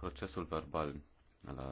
Procesul verbal la